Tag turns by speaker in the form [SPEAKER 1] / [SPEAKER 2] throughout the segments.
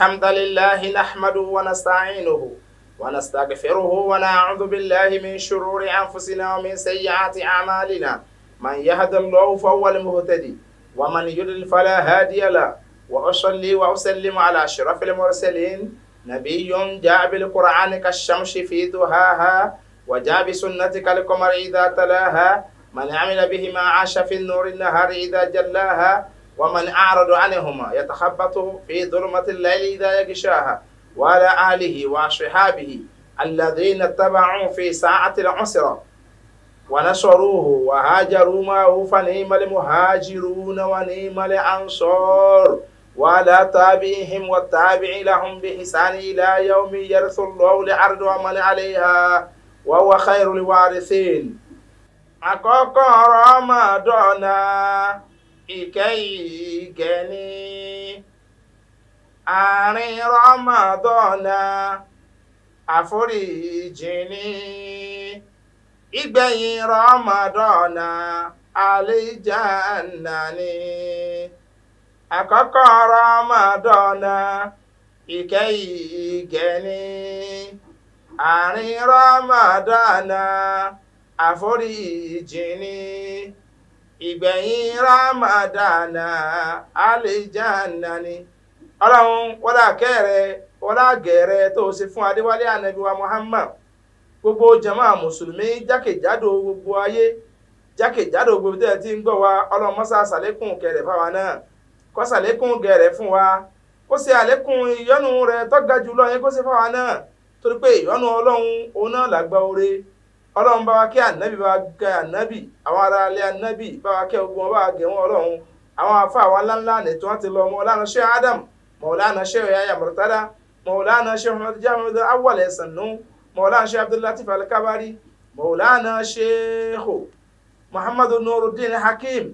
[SPEAKER 1] الحمد لله نحمده ونستعينه ونستغفره ونعوذ بالله من شرور أنفسنا ومن سيئات أعمالنا من يهد الله فهو المهتدي ومن يضلل فلا هادي له وأصلي وأسلم على أشرف المرسلين نبي جاء بالقرآن كالشمس في ضحاها وجاء بسنة كالقمر إذا تلاها من عمل بهما عاش في النور النهار إذا جلاها ومن أعرض عنهما يتخبطه في ظلمة الليل إذا يغشاها وعلى آله وأصحابه الذين اتبعوا في ساعة العسرة ونشروه وهاجروا معه فنيم المهاجرون ونيم الأنصار وعلى تابعهم والتابع لهم بإحسان إلى يوم يرث الله لعرض ومن عليها وهو خير الوارثين. أكوكو رمضان Ike ịge nìí? Arị Ramadan afọ iri ji nìí? Igbe yi Ramadan alịdala Akọkọ Ramadan ike ịge nìí? Arị Ramadan afọ iri ji nìí? ìgbẹ̀yìn ramadana alìjánà ni ọlọ́run wọ́lá kẹ́rẹ̀ wọ́lá gẹ̀rẹ́ tó ṣe fún adéwálé ànábì wa muhammad gbogbo jama mùsùlùmí jákèjádò gbogbo ayé jákèjádò gbogbo tẹ́lẹ̀ tí ń gbọ́ wa ọlọ́run mọ́sá sàlékún kẹrẹ̀ fáwa náà kó sàlékún gẹ̀rẹ̀ fún wa kó ṣe àlékún ìyọ́nú rẹ̀ tó ga kó ṣe fáwa náà torí pé ìyọ́nú ọlọ́run òun náà làgbà oore ọlọ́run bá wa kí ànábì bá wa kẹ ànábì àwọn ará alẹ́ ànábì bá wa kẹ ogun ọba àgẹ̀wọ̀n ọlọ́run àwọn afa àwọn ńláńlá ní tí wọ́n ti lọ mọ̀ọ́lánà ṣe adam mọ̀ọ́lánà ṣe ọ̀yáyà mọ̀tàdá mọ̀ọ́lánà ṣe ọ̀hún awọ́lẹ̀ sànú mọ̀ọ́lánà ṣe abdullatif alikabari mọ̀ọ́lánà ṣe hò muhammadu nurudin hakim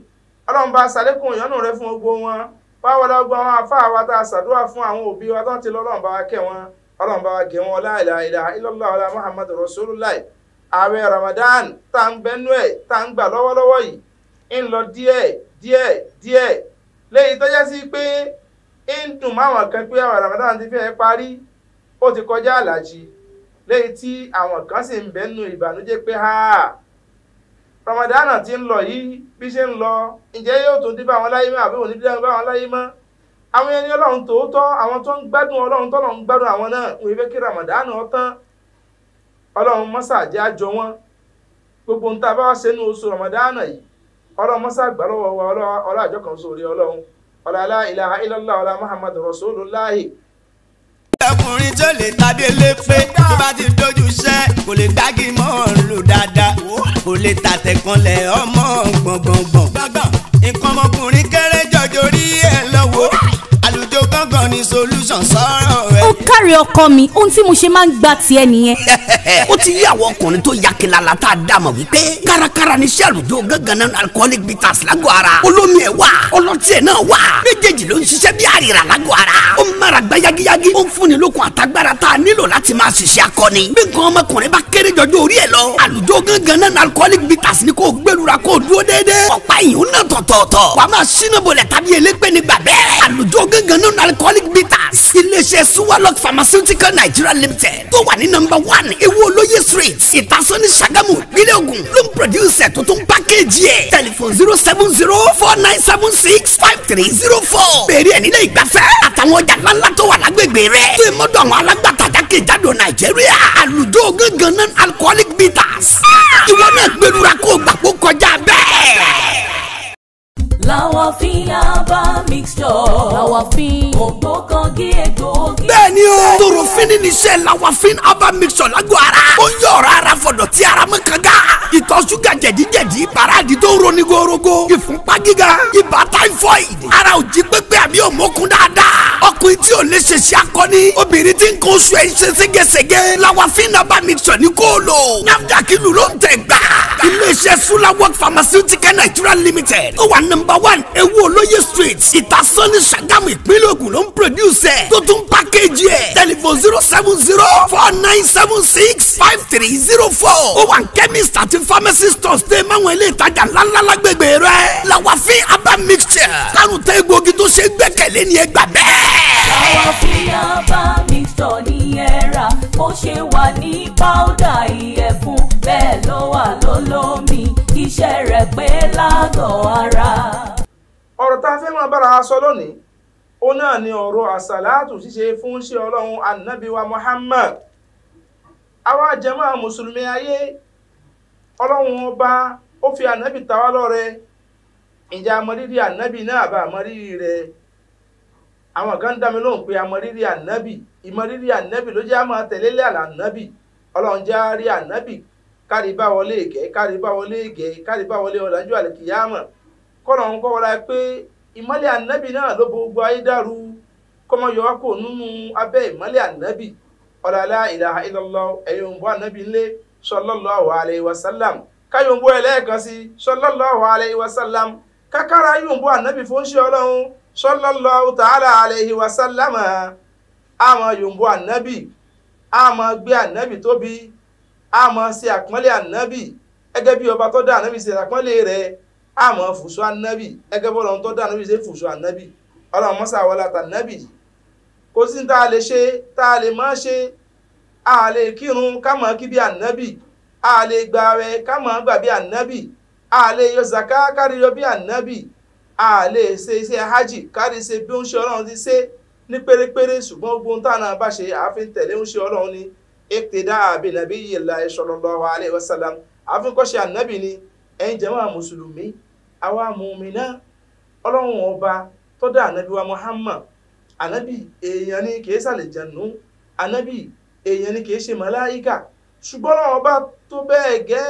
[SPEAKER 1] ọlọ́run bá sàlékún ìyọ́nù rẹ fún gbogbo wọn báwọlá gbọ́ àwọn afa àwa tá a ṣàdúrà fún àwọn òbí wa tó ń ti lọ bá wa kẹ wọn ọlọ́run bá wa gẹ wọn la ilaha muhammadu rasulullah ààwẹ̀ Ramadan tá à ń gbẹ́nú ẹ̀ tá à ń gbà lọ́wọ́lọ́wọ́ yìí ń lọ díẹ̀ díẹ̀ díẹ̀ léyìí tó jẹ́ sí pé ń dùn máwọn kan pé àwọn Ramadan ti fi fẹ́ parí ó ti kọjá àlàjì léyìí tí àwọn kan sì ń bẹ́nu ìbànújẹ́ pé ha Ramadan ti ń lọ yìí bí ṣe ń lọ ǹjẹ́ yóò tún dé bá wọn láyé mọ́ àbí òní dé bá wọn láyé mọ́ àwọn ní ọlọrun tòótọ́ àwọn tó ń gbádùn ọlọrun ọlọ́run ń gbádùn àwọn náà òun ìfẹ́ kí Ramadan ó tán ọlọ́run mọ́sá jẹ́ àjọ wọn gbogbo ń ta bá wá ṣe nínú oṣù ramadana yìí ọlọ́run mọ́sá gbà wa ọlọ́ àjọ kan sórí ọlọ́run ọlọ́lá ilaha illallah ọlá muhammadu rasulullahi. ọkùnrin tó lè tadé lépe tó bá ti dojú iṣẹ́ kò lè dági mọ́ ọ̀run lò dáadáa kò lè tàtẹ̀kànlẹ̀ ọmọ gbọ̀ngbọ̀ngbọ̀n nǹkan ọmọkùnrin kéré jọjọ rí ẹ lọ́wọ́ àlùjọ gángan ni solution sọ̀rọ̀
[SPEAKER 2] rẹ. ó kárí ọkọ mi ohun tí mo ṣe máa ń gbà tiẹ̀ nìyẹn. ó ti yí àwọn ọkùnrin tó ya kilala tá a dà mọ̀ wípé kárakára ni sẹ́lùjó gángan náà alcoholic bitters lágọ̀ ara olómi ẹ̀ wà ọlọ́tí ẹ̀ náà wà méjèèjì ló ń ṣiṣẹ́ bí àrìrà lágọ̀ ara ó ń mara gba yagiyagi ó ń fúnni lókun àtagbára tá a nílò láti máa ṣiṣẹ́ akọni bí nǹkan ọmọkùnrin bá kéré jọjọ orí ẹ̀ lọ àlùjó gángan náà alcoholic bitters ni kò gbẹrura kò dúró déédéé ọ̀pá ìyún náà tọ̀tọ̀ọ̀tọ̀ wà á máa sínúbọ̀lẹ̀ ni gbàgbẹ́ àlùjó gángan náà alcoholic bitters iléeṣẹ́ suwalok pharmaceutical nigeria limited tó wà ní nọ́mbà one ìyàwó olóyè street ìtasọ́ ní sagamu nílẹ̀ ogun ló ń pòdúsẹ̀ tó tún pákéjì tẹlifon zero seven zero four nine seven six five three zero four bẹ̀rẹ̀ ẹ̀ nílẹ̀ ìgbafẹ́ àtàwọn ọjà ńláńlá tó wà lágbègbè rẹ̀ tó ìmọ̀dọ̀ àwọn alágbàtàjà kejìdádò nàìjíríà àlùjọ gángan non alcoholic bitters ìwọ náà gbẹdúrà kó gbàgbó kọjá bẹ́ẹ̀
[SPEAKER 3] láwàfíà bá mixture. láwàfín. ògbókangí egbòogi.
[SPEAKER 2] bẹ́ẹ̀ni o. torofin ni iṣẹ́ láwàfín herbal mixture lágọ̀ọ́ ara. ó ń yọ ọ̀rá ara fọ̀dọ̀ tí ara mọ́ kanga. ìtọ̀ ṣúgà jẹ̀díjẹ̀dí paradì tó roni gorogo. ìfúnpá gíga ibà táífọ̀ìd. ara ò jí pépé àbí ò mókun dáadáa. ọkùnrin tí ò lè ṣe ṣe akọni. obìnrin tí ń kó oṣù ẹ̀ ń ṣe ségesège. láwàfín herbal mixture ní kó lò. NAFDAC ìlú limited. ó wà one ewu olóye street ìtasọ́ni Ṣàgámù ìpínlẹ̀ Ògùn ló ń produce ẹ̀ tó tún package ẹ̀ telephone zero seven zero four nine seven six five three zero four ó wà ní chemist àti pharmacy stores tẹ́ máwọn ilé ìtajà ńláńlá lágbègbè rẹ̀ làwàfin abá mixture lárùn tẹ́ egbògi tó ṣe gbẹ́kẹ̀lé ni ẹ gbà bẹ́ẹ̀.
[SPEAKER 3] làwàfin abá mixture ni ẹ rà bó ṣe wà ní pàwọ́dà ìyẹ̀fun bẹ́ẹ̀ ló wà lólómi kíṣẹ́ rẹ̀ pé lágọ̀ ara.
[SPEAKER 1] ọ̀rọ̀ tá a fẹ́ máa bára aṣọ lónìí ó náà ni ọ̀rọ̀ àṣàlátù ṣíṣe fún ṣe ọlọ́run ànábìwa Muhammad àwa jàmá mùsùlùmí ayé ọlọ́run ọba ó fi ànábì ta wá lọ́rẹ ìjà àmọ́rírì ànábì náà bá àmọ́rírì rẹ̀ àwọn kan dá mi lóhùn pé àmọ́rírì ànábì ìmọ̀rírì ànábì ló jẹ́ àmọ́ tẹ̀lélẹ̀ àlà ọlọ́run jẹ́ àárí ànábì kárí bá wọlé ìkẹ́ kárí bá wọlé ìkẹ́ kárí bá wọlé ọ̀làjú àlìkìyàmọ̀ kọ́nà ń kọ́ wọlé pé ìmọ́lẹ̀ ànábì náà ló bo gbogbo ayé dàrú kọ́mọ yọ wá kò nínú abẹ́ ìmọ́lẹ̀ ànábì ọ̀làlá ilaha illallah ẹ̀yọ̀ ń bọ́ ànábì ńlẹ̀ sallallahu alayhi wa sallam káyọ̀ǹbó ẹlẹ́ẹ̀kan sí sallallahu alayhi wa sallam kákàrà yọ̀ǹbó ànábì fún ṣe ọlọ́run sallallahu ta'ala alayhi wa sallam àmọ́ yọ̀ǹbó ànábì àmọ́ gbé ànábì tóbi a máa ṣe àpọ́nlé ànábì gẹ́gẹ́ bí ọba tó dá ànábì ṣe àpọ́nlé rẹ̀ a máa fùsọ ànábì gẹ́gẹ́ bọ́lá tó dá ànábì ṣe fùsọ ànábì ọlọ́run mọ́sá wọlé àtànábì kò sí tá a lè ṣe tá a lè má ṣe a lè kírun ká máa kí bí ànábì a lè gbààwẹ̀ ká máa gbà bí ànábì a lè yọ zaka kárí yọ bí ànábì a lè ṣe iṣẹ́ hajj kárí ṣe bí ó ń ṣe ọlọ́run ti ṣe ní pérépéré ṣùgbọ́n gbóhùn táwọn bá ṣe àáfin tẹ̀lé ń ṣe ọlọ́run ni. iqtidaa bi nabiyyillahi sallallahu alayhi wa sallam àfikọ́ṣe ànábì ni ẹ̀yin jẹ́ wọn mùsùlùmí àwa ọba Muhammad ni kìí sàlẹ̀ jẹ̀nu ṣùgbọ́n ọlọ́run ọba tó bẹ́ẹ̀ gẹ́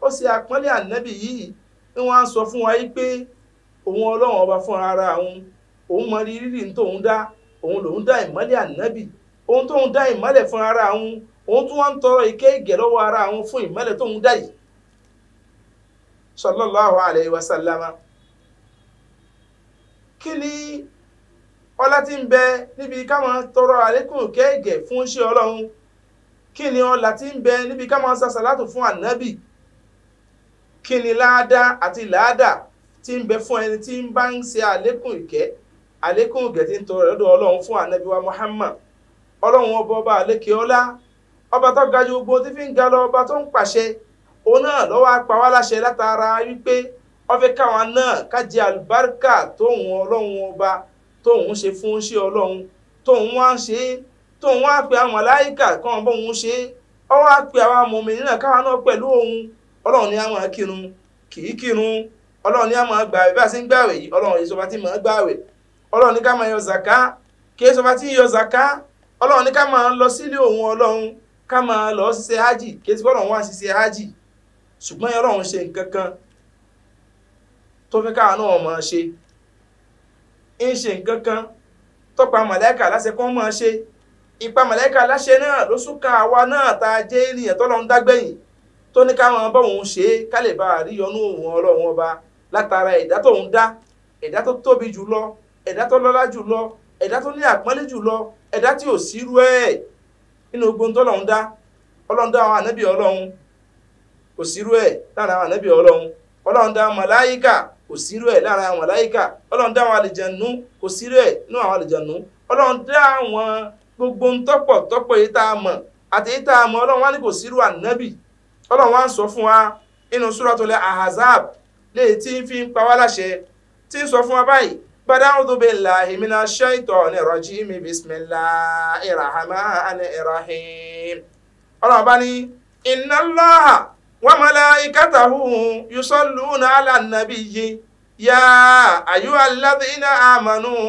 [SPEAKER 1] ó ṣe àpọ́nlé ànábì yìí ni wọ́n á sọ fún wa ọba fún ara òun òun mọ rírì tóun dá òun lòun dá ìmọ́lẹ̀ ànábì òun tóun dá ìmọ́lẹ̀ fún ara òun òun tún wá ń tọrọ ike ìgẹ̀ lọ́wọ́ ara àwọn fún ìmọ́lẹ̀ tó ń dá yìí sallallahu alayhi wa sallama kí ni ọlá tí ń bẹ níbi káwọn tọrọ àlékún ike ìgẹ̀ fún iṣẹ́ ọlọ́run kí ni ọlá tí ń bẹ níbi káwọn sàṣàlátù fún ànábì kí ni láàdá àti làádà tí ń bẹ fún ẹni tí ń bá ń ṣe àlékún ìkẹ́ àlékún ìgẹ̀ tí ń tọrọ ọlọ́run fún ànábì wa Muhammad ọlọ́run ọba ọba àlékè ọlá ọba tó ga ju gbogbo tí fi ń ga lọ ọba tó ń pàṣẹ òun náà lọ́wọ́ apá wa láṣẹ látara wípé ọfẹ́ káwọn náà kájẹ àlùbáríkà tóun ọlọ́run ọba tóun ṣe fún ṣe ọlọ́run tóun wá ń ṣe tóun wá pe àwọn màláíkà kan bóun ṣe ọ wá pe àwọn mùmínì náà káwọn náà pẹ̀lú òun ọlọ́run ni a máa kírun kì í kírun ọlọ́run ni a máa gbààwẹ̀ bá a ṣe ń gbààwẹ̀ yìí ọlọ́run yìí sọba tí máa gbààwẹ̀ ọlọ́run ni ká máa yọ zàká kì í sọba tí yọ zàká ọlọ́run ni ká máa lọ sílé òun ọlọ́run ká máa lọ ṣe hájì kéésì bọ́ọ̀lù wọn sì ṣe hájì ṣùgbọ́n ọlọ́run ṣe nǹkan kan tó fẹ́ káwọn náà máa ṣe ń ṣe nǹkan kan tọ́pa màláìkà láṣẹ kó máa ṣe ipa màláìkà láṣẹ náà ló súnka àwa náà ta jẹ́ ènìyàn tó lọ́n dágbẹ̀yìn tó ní káwọn bọ́ọ̀hún ṣe ká lè bá àríyọnú òun ọlọ́run ọba látara ẹ̀dá tóun dá ẹ̀dá tó tóbi jùlọ ẹ̀dá tó lọ́lá jùlọ ẹ̀dá tó ní àpọ́nlé jùlọ ẹ̀dá tí ò sírú ẹ̀ nínú gbogbo tọ́lọ́run dá ọlọ́run dá àwọn ànábì ọlọ́run kò sírú ẹ̀ lára àwọn ànábì ọlọ́run ọlọ́run dá màláyíkà kò sírú ẹ̀ lára àwọn màláyíkà ọlọ́run dá àwọn àlìjànú kò sírú ẹ̀ nínú àwọn àlìjànú ọlọ́run dá àwọn gbogbo tọ́pọ̀ tọ́pọ̀ yìí tá a mọ̀ àti yìí tá a mọ̀ ọlọ́run wá ní kò sírú ànábì ọlọ́run wá ń sọ fún wa inú súratul Ahzab léyìí tí ń fi ń pa wá láṣẹ tí ń sọ fún wa báyìí فنعوذ بالله من الشيطان الرجيم بسم الله الرحمن الرحيم ربني إن الله وملائكته يصلون على النبي يا أيها الذين آمنوا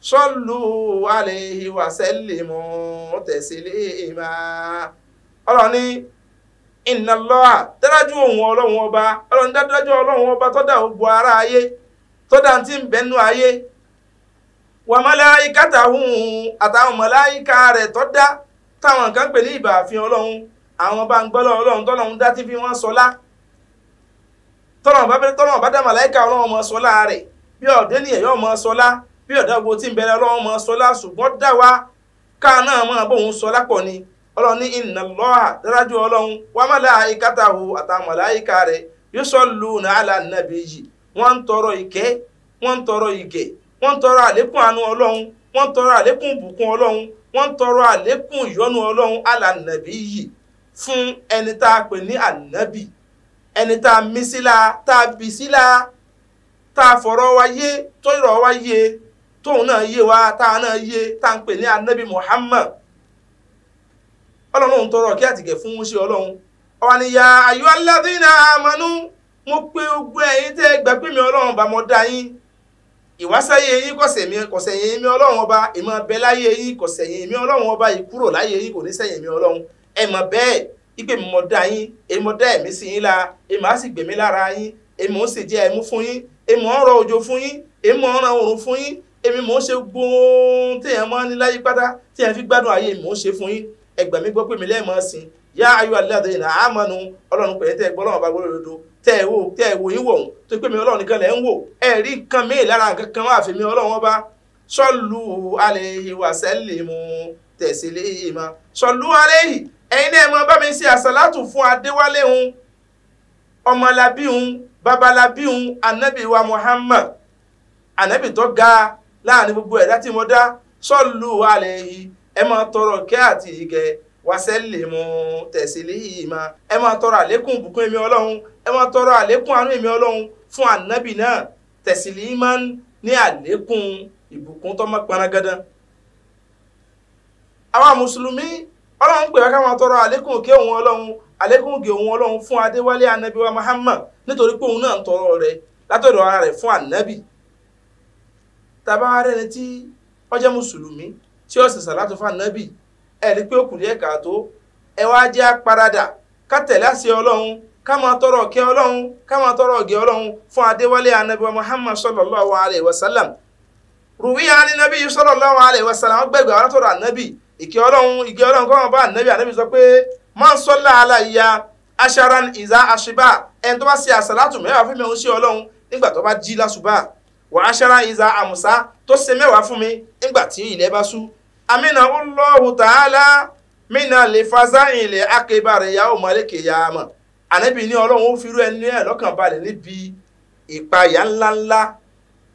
[SPEAKER 1] صلوا عليه وسلموا تسليما ربني إن الله dájú òun ọlọ́run ọba ọlọ́run dájú ọlọ́run ọba tó dá ara ayé tó dáńtí ń bẹ́nu ayé wà màláíkà táwọn àtàwọn màláíkà rẹ̀ tó dá táwọn kan pè ní ìbàfin ọlọ́run àwọn bá ń gbọ́ ọlọ́run tọ́lọ́run dá tí fi wọ́n sọlá tọ́lọ́run bá dá màláíkà ọlọ́run mọ́ sọlá rẹ̀ bí ọ̀dẹ́ nìyẹn yóò mọ́ sọlá bí ọ̀dá gbogbo tí ń bẹ̀rẹ̀ ọlọ́run mọ́ sọlá ṣùgbọ́n dá wa káà náà mọ́ bóun sọlá pọ̀ ni ọlọ́run ní inna Allaha dájú ọlọ́run wa malaikatahu àtàwọn màláíkà rẹ̀ yusalluna wọ́n ń tọrọ ìkẹ́ wọ́n ń tọrọ ìgẹ̀ wọ́n ń tọrọ àlékún àánú ọlọ́run wọ́n ń tọrọ àlékún ìbùkún ọlọ́run wọ́n ń tọrọ àlékún ìyọ́nú ọlọ́run alànàbí yìí fún ẹni tá a pè ní ànàbì ẹni tá a mí síla tá a bì síla tá a fọ̀rọ̀ wa yé tó ìrọ̀ wa yé tóun náà yé wa tá a náà yé tá a ń pè ní ànàbì Muhammad ọlọ́run tọrọ kí àtìgẹ̀ fún ṣe ọlọ́run ọ̀wàníyà mo pe gbogbo ẹ̀yin tẹ́ gbà pé mi ọlọ́run ọba mo dá yín ìwásáyé yín kọ̀sẹ̀yìn èmi ọlọ́run ọba ìmọ̀ bẹ láyé yín kọ̀sẹ̀yìn èmi ọlọ́run ọba ìkúrò láyé yín kò ní sẹ́yìn èmi ọlọ́run ẹ mọ̀ bẹ́ẹ̀ ipe mi mọ̀ dá yín èmi dá ẹ̀mí sí yín la èmi á sì gbèmí lára yín èmi ò sì jẹ ẹmu fún yín èmi ò ń rọ òjò fún yín èmi ò ń ran fún yín èmi mò ń ṣe gbóhùn téèyàn máa ń ní láyé pátá téèyàn fi gbádùn ayé mò ń ṣe fún yín ẹgbàá gbọ́ pé mi lẹ́ẹ̀mọ́ sí yá ayọ̀ alẹ́ àdéhìn àmọ́nu ọlọ́run pẹ̀lú tẹ́ gbọ́ ọlọ́run ọba gbọ́dọ̀ tẹ́ ẹ̀ wò tẹ́ ẹ̀ wò yín wò ń tó pé mi ọlọ́run nìkan lẹ̀ ń wò ẹ̀ rí nǹkan míì lára nǹkan kan wà fi mi ọlọ́run ọba sọ́lù alayhi wa sallimu taslima sọ́lù alayhi ẹ̀yin náà mọ bá mi ṣe àṣàlátù fún adéwálé hun ọmọlábí hun babalábí hun anabi wa muhammad anabi tó ga láàrin gbogbo ẹ̀dá tí mo dá sọ́lù alayhi ẹ máa tọrọ kẹ́ àti ìgẹ̀ wa sallimu taslima ẹ máa tọrọ àlékún bùkún èmi ọlọ́run ẹ máa tọrọ àlékún àánú ẹ̀mí fún ànábì náà tẹ̀sílì máa ń ní àlékún ìbùkún tó máa àwa mùsùlùmí ọlọ́run pè wá tọrọ àlékún òkè òun ọlọhun àlékún òkè òun ọlọhun fún adéwálé ànábì wa Muhammad nítorí pé òun náà ń tọrọ rẹ látọ̀dọ̀ ara rẹ fún ànábì. tàbá tí mùsùlùmí tí ó sẹ̀sà fún ànábì ẹ̀ pé ẹ wá jẹ́ apáradà kama tọrọ ọ̀kẹ́ ọlọ́run ká tọrọ ọ̀gẹ́ ọlọ́run fún adéwálé anabi muhammad sallallahu alayhi wa wasalam ruwiya ni nabi sallallahu alayhi wa wasalam gbẹgbẹ àwọn tọrọ anabi ike ọlọ́run ike ọlọ́run kọ́ máa anabi anabi sọ pé man salla alayya asharan iza ashiba ẹni tó bá ṣe àsàlátù mẹ́wàá fún mi òun ṣe ọlọ́run nígbà tó bá jí lásùbà wà iza àmùsá tó ṣe mẹ́wàá fún mi nígbà amina mina ànábì ni ọlọ́run ó fi irú ẹni ẹ̀ lọ́kàn balẹ̀ níbi ìpayà ńláńlá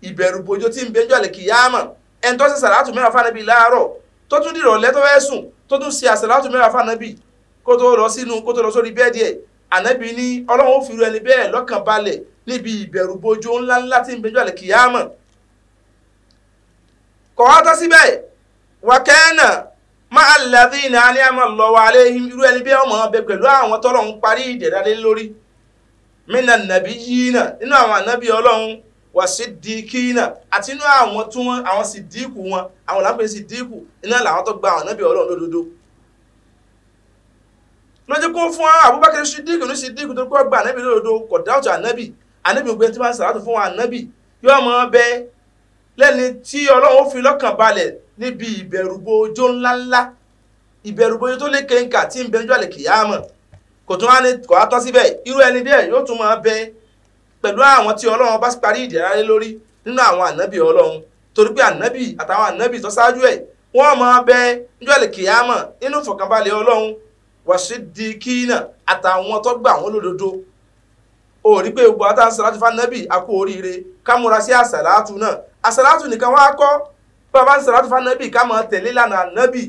[SPEAKER 1] ìbẹ̀rù bójó tí ń bẹjọ́ àlè kìyàmọ̀ ẹni tó ṣe sàlátù mẹ́wàá fànábì láàárọ̀ tó tún dìrọ̀ lẹ́tọ́ fẹ́ sùn tó tún ṣe àsàlátù mẹ́wàá fànábì kó tó lọ sínú kó tó lọ sórí bẹ́ẹ̀dì ẹ̀ ànábì ní ọlọ́run ó fi ẹni bẹ́ẹ̀ lọ́kàn balẹ̀ níbi ìbẹ̀rù bójó ńláńlá tí ń bẹjọ́ àlè kìyàmọ̀ kọ̀wátọ́ síbẹ̀ máa lẹ́dí ní aníyàmọ̀ lọ́wọ́ alẹ́ irú ẹni bí ọmọ ọbẹ̀ pẹ̀lú àwọn tọ́lọ̀ ń parí ìdẹ̀dá lé lórí mina nàbí yína nínú àwọn ànábì ọlọ́run wà sí dìkínà àti inú àwọn tí wọ́n àwọn sì díkù wọn àwọn làwọn pè sí díkù iná làwọn tó gba àwọn ànábì ọlọ́run lódodo lójú kó fún Abubakar Siddiq ní Siddiq tó kọ́ gba ànábì lódodo kò dáwọ́tò ànábì ànábì gbé tí wọ́n sàrátò fún wọn ànábì yóò mọ ọbẹ̀ lẹ́ni tí ọlọ́run ó fi lọ́kàn balẹ̀ níbi ìbẹ̀rùbojó ńláńlá ìbẹ̀rùbojó tó lé kéńkà tí ń bẹ níjọ́ kò tún wá ní kò á tọ́ síbẹ̀ irú ẹni bẹ́ẹ̀ yóò tún máa bẹ pẹ̀lú àwọn tí ọlọ́run bá parí ìdẹ̀ra lé lórí nínú àwọn ànábì ọlọ́run torí pé àtàwọn ànábì tó ṣáájú ẹ̀ wọ́n máa bẹ nínú ìfọ̀kànbalẹ̀ ọlọ́run wàṣídìkínà àtàwọn tó bàbá ń sàlátù fànàbì ká máa tẹ̀lé lànà ànábì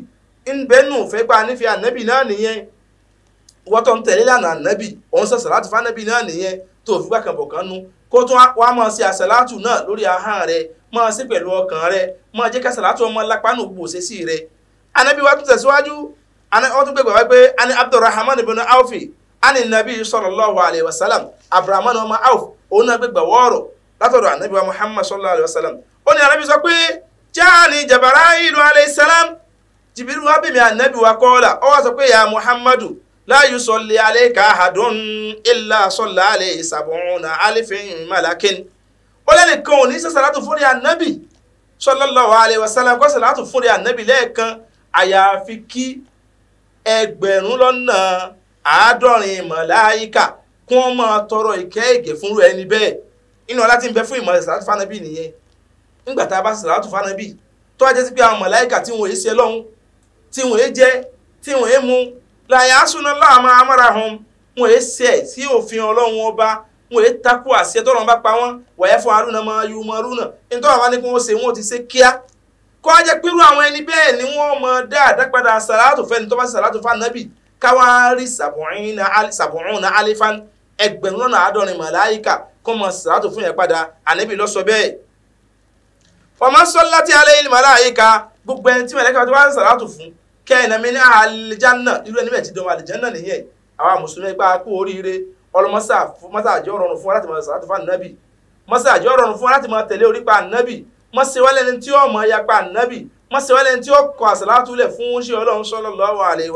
[SPEAKER 1] ńbẹ́nu fẹ́ pa nífẹ̀ẹ́ ànábì náà nìyẹn wọ́n tó ń tẹ̀lé lànà ànábì òun sọ sàlátù fànàbì náà nìyẹn tó fi gbàkan bọ̀ kan nú kó tún wá máa ṣe àsàlátù náà lórí ahọ́n rẹ máa ṣe pẹ̀lú ọkàn rẹ máa jẹ́ ká sàlátù ọmọ lápánù gbòòsè sí rẹ ànábì wa tún tẹ̀síwájú wọ́n gbẹ̀gbẹ̀ wá pé jaani jabarailu aleyhisalam jibiru wa bimi anabi wa kọ́la ó wá sọ ya muhammadu la yusalli alayka ahadun illa salla alayhi sab'una alifin malakin ó lẹ́nìkan ò ní ṣe sàlátù fún ní anabi sallallahu alayhi wa sallam kó sàlátù fún ní anabi lẹ́ẹ̀kan àyàfi kí ẹgbẹ̀rún lọ́nà àádọ́rin màláíkà kí wọ́n máa tọrọ ìkẹ́ ìgẹ̀ fúnrú ẹni inú ọlá tí ń fún ìmọ̀ ìsàlátù fún anabi nìyẹn nígbà tá a bá sàlátù fánàbì tó wá jẹ́ sí pé àwọn màláíkà tí wọ́n èsì ẹlọ́run tí wọ́n èjẹ tí wọ́n èmu láyé asúná láàmú amárahùn wọ́n èsì ẹ̀ sí òfin ọlọ́run ọba wọ́n èé takú àṣẹ tọ́lọ́run bá pa wọ́n wọ̀nyẹ́ fún arúnà máa yú mọ́ arúnà nítorí àwọn anìkún ó ṣe wọ́n ti ṣe kíá kọ́ ajẹ́ pẹ̀lú àwọn ẹni bẹ́ẹ̀ ni wọ́n mọ dáadáa padà sàlátù fẹ́ni fọmọ sọlá tí alẹ́ ilé màlá àyíká gbogbo ẹni tí mẹ̀lẹ́kà tó wá ń sàlátù fún kẹ́hìn mi ní àlìjánà irú ẹni bẹ́ẹ̀ ti dán àlìjánà nìyẹn àwa mùsùlùmí gbá kú oríire ọlọmọsà mọ́sàájọ́ rọrùn fún wa láti máa sàlátù fún ànábì mọ́sàájọ́ rọrùn fún wa láti máa tẹ̀lé orí pa ànábì mọ́sẹ̀wálẹ́ni tí ó mọ̀ yapa ànábì mọ́sẹ̀wálẹ́ni tí ó kọ àsàlátù lẹ̀ fún ṣé ọlọ́run sallallahu alaihi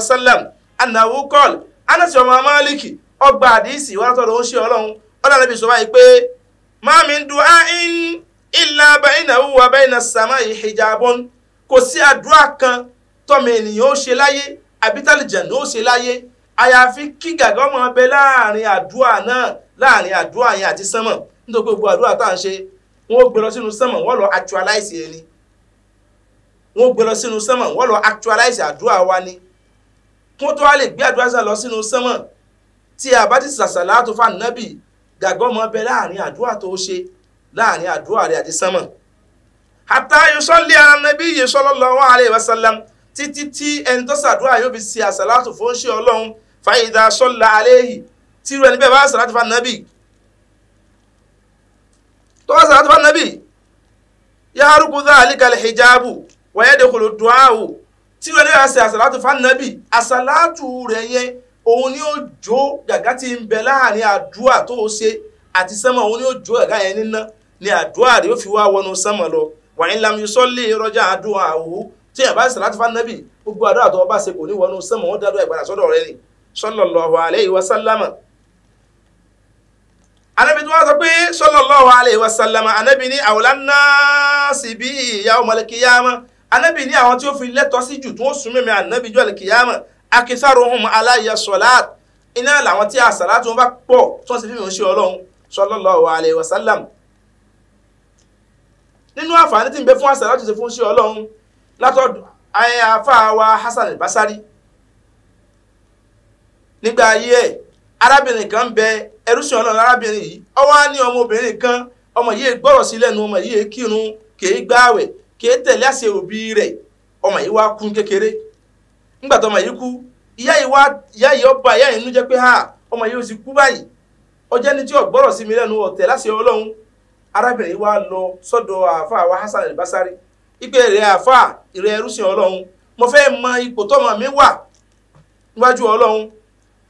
[SPEAKER 1] wasallam ọgbà àdìsí wọn sọ̀rọ̀ ó ṣe ọlọ́run ọ̀dà sọ báyìí pé ma min du'ain illa bainahu wa baina as-sama'i kò kan tọ́mọ ènìyàn ó ṣe láyé àbítàlìjẹ̀nù ó ṣe láyé àyàfi kí gàgọ́ ọmọ bẹ láàrin àdúrà náà láàrin àdúrà yẹn àti sánmọ̀ nítorí gbogbo àdúrà tá à ń ṣe ó gbé lọ sínú lọ actualize ẹni ó gbé lọ sínú tí a bá ti sàṣàlá tó fà nábì gàgbọ́ mọ́ bẹ láàrin àdúrà tó ṣe láàrin àdúrà rẹ̀ àti sánmọ̀. hatta yusalli ala nabiyyi sallallahu alayhi wa sallam títí tí ẹni tó sàdúrà yóò fi ṣe àṣàlá tó fò ń ṣe ọlọ́run fa idha salla alayhi tí irú ẹni bẹ́ẹ̀ bá sàlá tó fà tó bá sàlá tó fà nábì yaharuku dhalika alhijabu wa yadkhulu du'a tí irú ẹni òun ni ó jó gàgá tí ń bẹ láàrin àdúrà tó o ṣe àti sánmọ̀ òun ni ó jó gàgá yẹn níná ni àdúrà rẹ̀ ó fi wá wọnú sánmọ̀ lọ wàyí lamu sọ́lé rọjá àdúrà òwú tí yẹn bá sàlátì fanabi gbogbo àdúrà tó o bá ṣe kò ní wọnú sánmọ̀ wọn dádúrà ìgbàdà sọ́dọ̀ rẹ̀ ni sallallahu alayhi wa sallama anabi tí wọ́n sọ pé sallallahu alayhi wa sallama anabi ní àwòlá náà sì bí yawmal qiyamah anabi ní àwọn tí ó fi lẹ́tọ́ sí jù tí akisaruhum aláya sọ̀láàt iná làwọn tí a sàlátì wọn bá pọ̀ tí wọ́n sì fi hàn ṣe ọlọ́run sallallahu alayhi wa sallam nínú àǹfààní tí ń bẹ fún àsàlátì ṣe fún ṣe ọlọ́run látọ̀dọ̀ àyàfà wa Hasan al-Basari nígbà ayé ẹ̀ arábìnrin kan bẹ ẹrúsìn ọlọ́run arábìnrin yìí ó wá ní ọmọbìnrin kan ọmọ yìí gbọ́rọ̀ sí lẹ́nu ọmọ yìí kírun kèé gbáwẹ̀ kèé tẹ̀lé àṣẹ òbí rẹ̀ ọmọ yìí wá kún kékeré ńgbà tó ọmọ yìí kú ìyá yìí wá ìyá yìí ọba ìyá yìí ń pé ha ọmọ yìí ó sì kú báyìí ọjọ́ ẹni tí sí mi wa lọ sọ́dọ̀ afọ wa Hasan basari ìpè rẹ̀ àáfà ìrẹ̀ ẹrúsìn ọlọ́run mo fẹ́ mọ ipò tọ́mọ mi wà níwájú ọlọ́run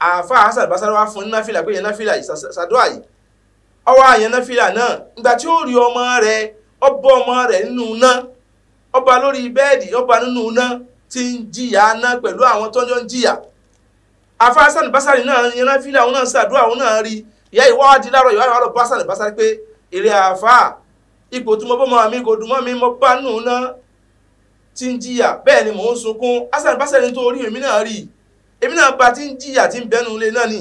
[SPEAKER 1] Hasan wa fún pé yẹn náfìlà yìí yìí ọwọ́ náfìlà ọmọ rẹ̀ ọbọ ọmọ rẹ̀ nínú náà ọba lórí bẹ́ẹ̀dì ọba nínú náà tí ń jìyà ná pẹ̀lú àwọn tọ́jọ́ ń jìyà afa Basari náà yẹnà fílẹ̀ àwọn náà ṣàdúrà àwọn náà rí ìyá ìwádìí láàrọ̀ ìwádìí láàrọ̀ Hasan Basari pé èrè àfa ipò tí mo bọ́ mọ́ mi kò dùn mọ́ mi mo bá nù náà tí ń jìyà bẹ́ẹ̀ ni mò ń sunkún Hasan Basari tó rí èmi náà rí èmi náà bá tí ń jìyà tí ń bẹ́nu ilé náà ni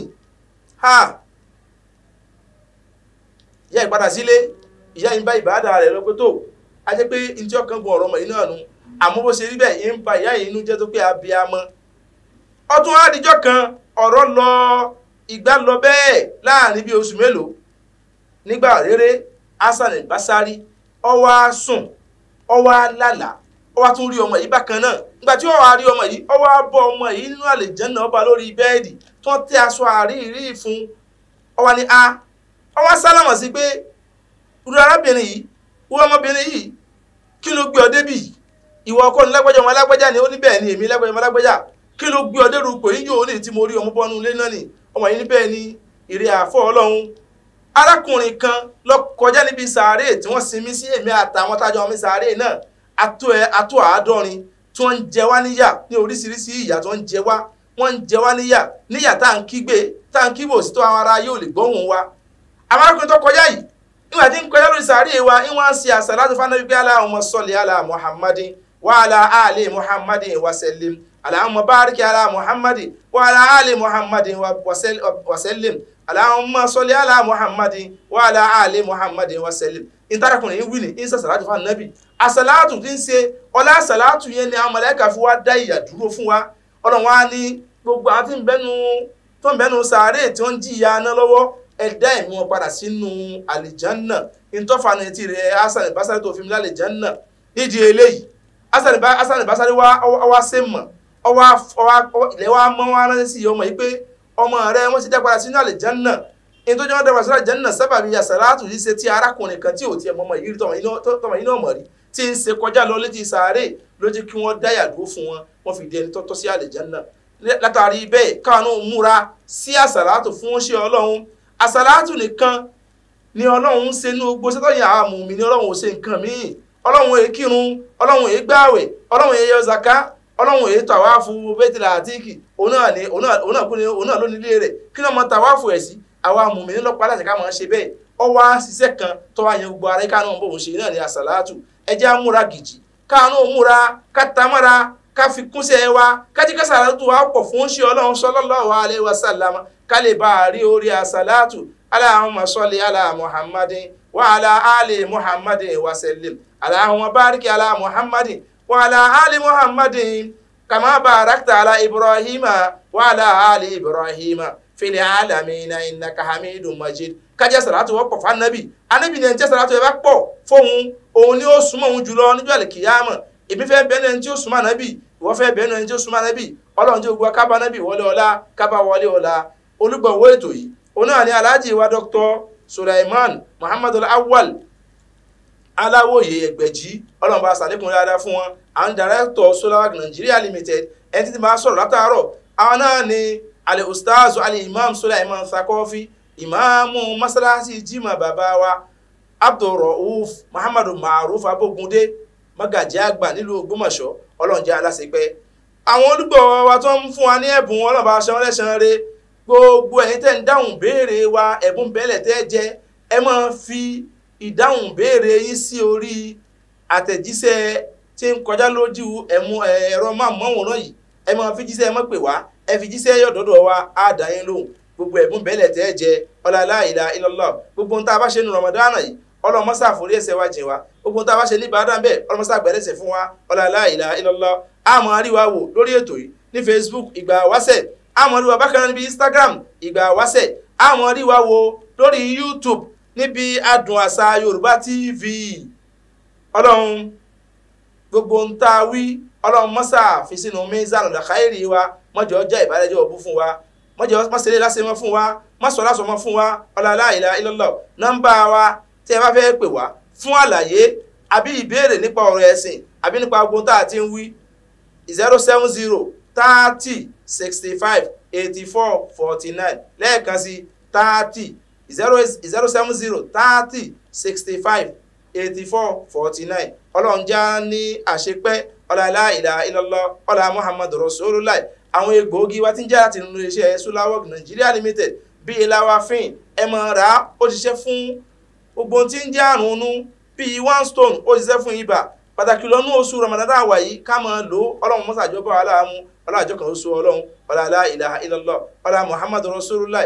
[SPEAKER 1] ha ìyá ìpadà sílé ìyá ìbá ìbáadà rẹ̀ lọ́pẹ́ tó pé ntí ọkàn gun ọ̀rọ̀ mọ̀ yìí àmọ́ ṣe rí bẹ́ẹ̀ ń ìyá yìí inú jẹ́ tó pé ọdún adijọ́ kan ọ̀rọ̀ lọ ìgbà lọ bẹ́ẹ̀ láàrin bíi oṣù mélòó nígbà rere Hasan Basari ó sùn ó ọmọ yìí bákan náà nígbà tí ọmọ yìí bọ ọmọ yìí nínú lórí bẹ́ẹ̀dì aṣọ fún a sí pé arábìnrin yìí ìwọ ọkọ ní lágbájá ọmọ lágbájá ni ó ní bẹ́ẹ̀ ni èmi lágbájá ọmọ lágbájá kí ló gbé ọdẹ rúpò yíyó ó ní tí mo rí ọmọ bọ́nu ilé náà ni ọmọ yìí ní ni ìrè àfọ́ ọlọ́run arákùnrin kan lọ kọjá níbi sàárè tí wọ́n sinmi sí èmi àtàwọn tájọ ọmọ sàárè náà ató ẹ ató àádọ́rin tí wọ́n ń jẹ wá níyà ní oríṣiríṣi ìyà tí wọ́n ń jẹ wá wọ́n ń jẹ wá níyà níyà tá à ń kígbe tá à ń kígbe òsì tó àwọn yóò lè gbóhùn wa àwọn arákùnrin tó kọjá yìí nígbà tí ń kọjá lórí sàárè wa ń wá àṣà láti fáná wípé aláwọ̀ ọmọ sọ́ọ̀lì aláwọ̀ Muhammadin وعلى آل محمد وسلم اللهم بارك على محمد وعلى آل محمد وسلم اللهم صل على محمد وعلى آل محمد وسلم ìtàràkùnrin wí ni ń ṣe sàlátù fún ànábì àsàlátù tí ń ṣe ọlá sàlátù yẹn ni àwọn màláíkà fi wá dá ìyà dúró fún wa ọlọ́run wa ní gbogbo àwọn tí ń bẹ́nu tó ń bẹ́nu sàárè tí ó ń jìyà aná lọ́wọ́ ẹ̀dá ẹ̀mí wọn padà sínú àlìjánná ìtọ́fà ní etí rẹ̀ hasan ìbásáré tó fi mi lálìjánná nídìí eléyìí Hasan Basari wa ọwá ṣe mọ̀ ọwá ilẹ̀ wa mọ́ wa ránṣẹ́ sí ọmọ yìí pé ọmọ rẹ wọ́n ti dá padà sínú àlùjánnà ní tó jẹ́ wọ́n dá padà sínú àlùjánnà sábàbí àsàlátù yìí ṣe ti arákùnrin kan tí ò tiẹ̀ mọ́mọ́ yìí tọmọ yìí náà mọ̀ rí tí ń ṣe kọjá lọ létí sàárè ló jẹ́ kí wọ́n dáyà dúró fún wọn wọ́n fi di ẹni tọ́tọ́ sí àlùjánnà látàrí bẹ́ẹ̀ káwọn múra sí àsàlátù fún ṣe ọlọ́run àsàlátù nìkan ni ọlọ́run ń ṣe ní gbogbo sẹ́tọ̀ àwọn àmùmí ni ọlọ́run ò ṣe nǹkan míì ọlọ́run èé kírun ọlọ́run èé gbààwẹ̀ ọlọ́run èé yọ zaka ọlọ́run èé tàwáàfù bẹ́tìlà àtíkì òun náà ló nílé rẹ̀ kí náà mọ tàwáàfù ẹ̀ sí àwa mùmí lọ́pàá láti ká máa ṣe bẹ́ẹ̀ ọ wá ṣiṣẹ́ kan tó wá yẹn gbogbo ara ká náà bóun ṣe náà ní àṣàlátù ẹ jẹ́ àmúra gìjì káàánú òmúra kátámára ká fi kúnṣẹ́ wa kájíká wa pọ̀ fún ṣe ọlọ́run sallallahu alaihi wasallam ká lè bá a rí orí àṣàlátù Allahumma salli ala Muhammadin wa ala ali Muhammadin wa اللهم بارك على محمد وعلى آل محمد كما باركت على إبراهيم وعلى آل إبراهيم في العالمين إنك حميد مجيد kájẹ́ sàràtò wọ́pọ̀ fanabi anabi ní ẹnjẹ́ sàràtò ẹ bá pọ̀ fóun òun ni ó súnmọ́ òun jùlọ níjọ́ àlèkìyàmọ̀ èmi fẹ́ bẹ́ẹ̀ náà ẹni tí ó súnmọ́ anabi ìwọ fẹ́ bẹ́ẹ̀ náà ẹni tí ó súnmọ́ anabi ọlọ́run tí ó gba kábà anabi wọlé ọlá kábà wọlé ọlá olùgbọ̀wọ́ ètò yìí òun náà ni wa dr Sulaiman Muhammadu Awwal aláwòye ẹgbẹ̀jì ọlọ́run bá sàlékún dáadáa fún wọn and director solarwac nigeria limited ẹni tí máa sọ̀rọ̀ látàárọ̀ àwọn náà ni ali ustaz ali imam sulaiman sakọ́fí ìmáàmù masalasi jimá baba wa abdulrauf muhammadu maruf abogunde magaji àgbà nílùú ògbómọ̀ṣọ́ ọlọ́run jẹ́ aláṣepẹ́ àwọn olùgbọ̀wọ́ wa tó ń fún wa ní ẹ̀bùn ọlọ́run bá aṣọ ọlẹ́sàn rẹ̀ gbogbo ẹ̀yin tẹ́ ń dáhùn béèrè wa ẹ̀bùn bẹ́lẹ̀ tẹ́ jẹ́ ẹ máa fi ìdáhùn béèrè yín sí orí àtẹ̀jíṣẹ́ tí ń kọjá lójú ẹ̀mú ẹ̀rọ máàmọ́wòrán yìí ẹ máa fi jíṣẹ́ ẹ má pè wá ẹ fi jíṣẹ́ yọ̀dọ̀dọ̀ wa á yín lóhùn gbogbo ẹ̀bùn bẹ́ẹ̀lẹ̀ tẹ́ jẹ ọlá la gbogbo ohun tá a bá ṣe nu Ramadan yìí ọlọmọsá àforí ẹ̀ṣẹ̀ wa jìn wa gbogbo ohun tá a bá ṣe ní ìbádàn bẹ́ẹ̀ ọlọmọsá àgbẹ̀rẹ̀sẹ̀ fún wa ọlá la ilaha illallah àmọ́ àríwá wò lórí ètò yìí ní Facebook ìgbà wáṣẹ̀ àmọ́ àríwá bákan náà níbi Instagram ìgbà wáṣẹ̀ àmọ́ àríwá wò lórí YouTube níbi adùn àṣà yorùbá tv ọlọ́run gbogbo ń tá a wí ọlọ́run mọ́sà fi sínú mizan làkàìrì wa mọ́jọ́ jẹ́ ìbálẹ́jọ́ ọ̀bú fún wa mọ́jọ́ mọ́sẹ̀lẹ̀ lásẹ̀ mọ́ fún wa mọ́sọ̀ lásọ̀ mọ́ fún wa ọlọ́lá ìlà ilọ́lọ́ nọ́mbà wa tí ẹ bá fẹ́ pè wá fún àlàyé àbí ìbéèrè nípa ọ̀rọ̀ ẹ̀sìn àbí nípa ogun tá a ti ń wí zero seven zero thirty sixty five eighty four forty nine lẹ́ẹ̀kan sí thirty zero zero seven zero thirty sixty five eighty four forty nine ọlọ́run já ní àṣepẹ́ ọ̀làlá ìlà ìlọ́lọ́ ọ̀là muhammadu rasulullah àwọn egbòogi wa ti ń jẹ́ láti nínú iṣẹ́ sulawok nigeria limited bí ilawafin ẹ̀mọ̀ rà ó ṣiṣẹ́ fún gbogbo tí ń jẹ́ àrùn inú bíi one stone ó ṣiṣẹ́ fún ibà pàtàkì lọ́nú oṣù ramadan tá a wà yìí ká máa lò ó ọlọ́run mọ́sàájọ́ bá wa láàmú ọlọ́run àjọkàn ọlọ́run ọ̀làlá ìlọ́lọ́ ọ̀là muhammadu rasulullah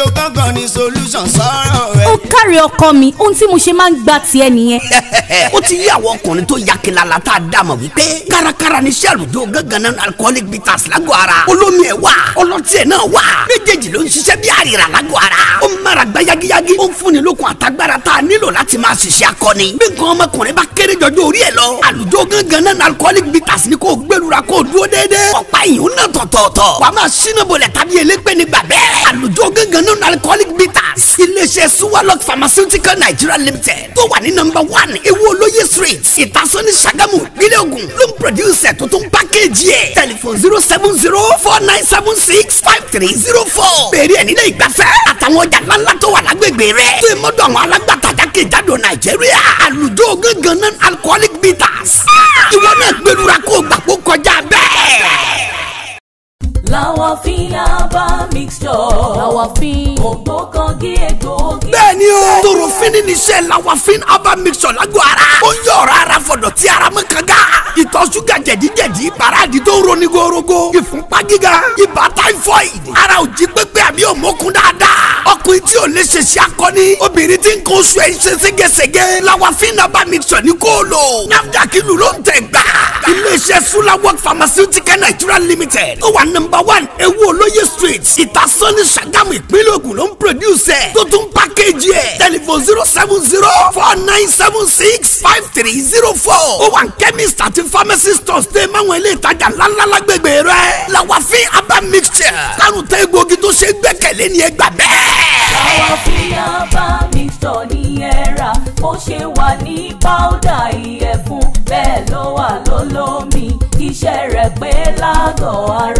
[SPEAKER 1] òjò gángan ni solution sọ̀rọ̀ rẹ.
[SPEAKER 2] ó kárí ọkọ mi ohun tí mo ṣe máa ń gba tiẹ̀ nìyẹn. ó ti yí àwọn ọkùnrin tó ya kilala tá a dá mọ̀ wípé kárakára ni sẹ́ẹ̀lù jó gángan náà alcoholic bitters lágọ̀ ara olómi ẹ̀ wà ọlọ́tí ẹ̀ náà wà méjèèjì ló ń ṣiṣẹ́ bí àrìrà lágọ̀ ara ó ń mara gba yagiyagi ó ń fúnni lókun àtagbára tá a nílò láti máa ṣiṣẹ́ akọni bí ọmọkùnrin alcoholic bitters ni kò gbẹrura kò dúró déédéé ọ̀pá ìyún náà tọ̀tọ̀ọ̀tọ̀ wàá máa sínú bolẹ̀ tàbí elégbé ni gbàgbẹ́ non alcoholic bitters iléeṣẹ́ suwalok pharmaceutical nigeria limited tó wà ní number one ewu olóye street ìtasọ́ni sagamu ìpínlẹ̀ ogun ló ń produce ẹ̀ tó tún package yẹ telephone zero seven zero four nine seven six five three zero four bẹ̀rẹ̀ ẹ̀ nílé ìgbafẹ́ àtàwọn ọjà ńláńlá tó wà lágbègbè rẹ̀ tó yẹ mọ́tò àwọn alágbàtàjà kejìdádò nàìjíríà àlùjọ gángan non alcoholic bitters ìwọ náà gbẹlura kó gbàgbó kọjá bẹ́ẹ̀. làwọn fi
[SPEAKER 3] ń yá bá mixture lawafin. ògbókangí egbòogi.
[SPEAKER 2] bẹ́ẹ̀ni o. torofin ni iṣẹ́ lawafin herbal mixture lágbo ara. ó ń yọ ọ̀rọ̀ ara fọ̀dọ̀ tí ara mọ́ kanga. ìtọ̀ ṣúgà jẹ̀díjẹ̀dí paradì tó roni gorogo. ìfúnpá gíga ibà typhoid. ara ò jí pépé àbí òmókun dáadáa ọkùnrin tí ò lè ṣe ṣe akọni obìnrin tí ń kó oṣù ẹ̀ ń ṣe ségesège làwọn fínà bá mi sọ ní kóòlò nafdac ìlú ló ń tẹ̀ gbà. iléeṣẹ́ sulawok pharmaceutical nigeria limited ó wà nọmba one ewu olóye street ìtasọ́ni sàgámù ìpínlẹ̀ Ògùn ló ń produce ẹ̀ tó tún package ẹ̀ telephone zero seven zero four nine seven six five three zero four ó wà ní chemist àti pharmacy stores dé máwọn ilé ìtajà ńláńlá lágbègbè rẹ̀ làwọn fín abá mixture lárùn tẹ́ egbògi tó ṣe gbẹ́kẹ̀lé ni ẹ bẹ́ẹ̀ àwọn tí
[SPEAKER 3] a bá mi sọ ní ẹ̀rà bó ṣe wà ní pàwùdà ìyẹ̀fun bẹ́ẹ̀ ló wà lólómi iṣẹ́ rẹ̀ pé lágọ̀ọ́ ara.